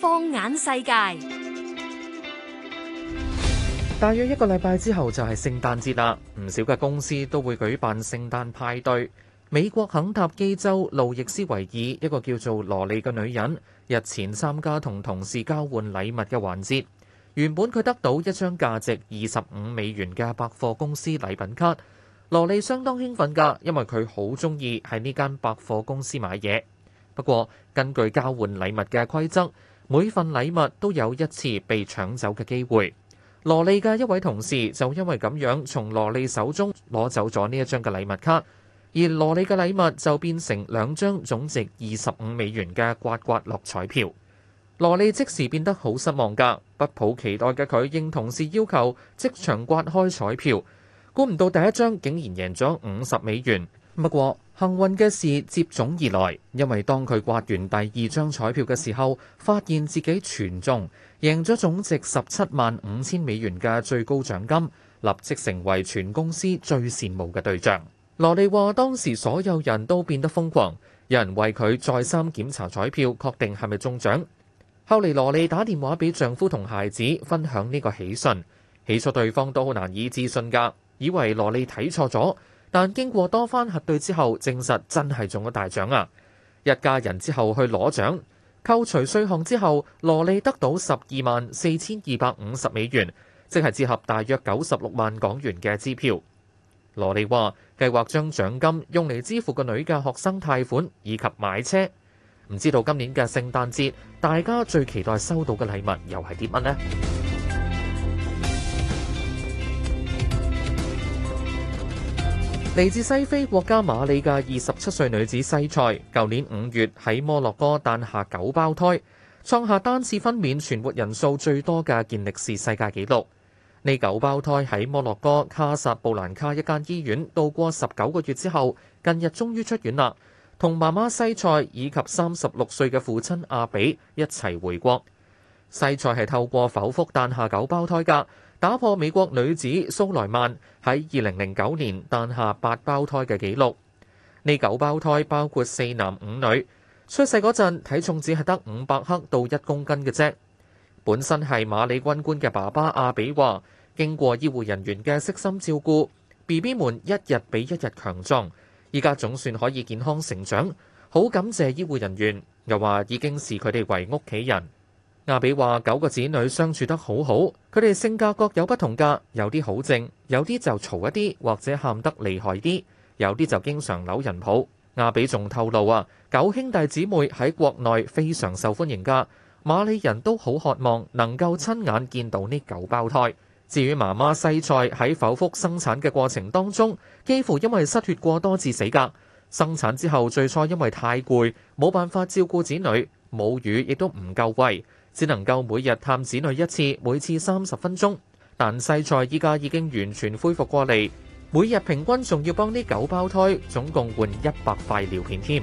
放眼世界，大約一個禮拜之後就係聖誕節啦。唔少嘅公司都會舉辦聖誕派對。美國肯塔基州路易斯維爾，一個叫做羅莉嘅女人日前參加同同事交換禮物嘅環節，原本佢得到一張價值二十五美元嘅百貨公司禮品卡。羅莉相當興奮㗎，因為佢好中意喺呢間百貨公司買嘢。不過根據交換禮物嘅規則，每份禮物都有一次被搶走嘅機會。羅莉嘅一位同事就因為咁樣，從羅莉手中攞走咗呢一張嘅禮物卡，而羅莉嘅禮物就變成兩張總值二十五美元嘅刮刮樂彩票。羅莉即時變得好失望㗎，不抱期待嘅佢，應同事要求即場刮開彩票。估唔到第一張竟然贏咗五十美元。不過幸運嘅事接踵而來，因為當佢刮完第二張彩票嘅時候，發現自己全中，贏咗總值十七萬五千美元嘅最高獎金，立即成為全公司最羨慕嘅對象。羅莉話：當時所有人都變得瘋狂，有人為佢再三檢查彩票，確定係咪中獎。後嚟羅莉打電話俾丈夫同孩子分享呢個喜訊，起初對方都好難以置信㗎。以為羅莉睇錯咗，但經過多番核對之後，證實真係中咗大獎啊！一家人之後去攞獎，扣除稅項之後，羅莉得到十二萬四千二百五十美元，即係折合大約九十六萬港元嘅支票。羅莉話計劃將獎金用嚟支付個女嘅學生貸款以及買車。唔知道今年嘅聖誕節，大家最期待收到嘅禮物又係啲乜呢？嚟自西非國家馬里嘅二十七歲女子西塞，舊年五月喺摩洛哥誕下九胞胎，創下單次分娩存活人數最多嘅健力士世界紀錄。呢九胞胎喺摩洛哥卡薩布蘭卡一間醫院度過十九個月之後，近日終於出院啦，同媽媽西塞以及三十六歲嘅父親阿比一齊回國。西塞係透過剖腹誕下九胞胎嘅，打破美國女子蘇萊曼喺二零零九年誕下八胞胎嘅記錄。呢九胞胎包括四男五女，出世嗰陣體重只係得五百克到一公斤嘅啫。本身係馬里軍官嘅爸爸阿比話，經過醫護人員嘅悉心照顧，BB 們一日比一日強壯，依家總算可以健康成長，好感謝醫護人員。又話已經視佢哋為屋企人。亞比話：九個子女相處得好好，佢哋性格各有不同噶，有啲好靜，有啲就嘈一啲，或者喊得厲害啲，有啲就經常扭人抱。亞比仲透露啊，九兄弟姊妹喺國內非常受歡迎噶，馬里人都好渴望能夠親眼見到呢九胞胎。至於媽媽西菜喺剖腹生產嘅過程當中，幾乎因為失血過多致死噶。生產之後最初因為太攰，冇辦法照顧子女，母乳亦都唔夠餵。只能夠每日探子女一次，每次三十分鐘。但細菜依家已經完全恢復過嚟，每日平均仲要幫啲九胞胎總共換一百塊尿片添。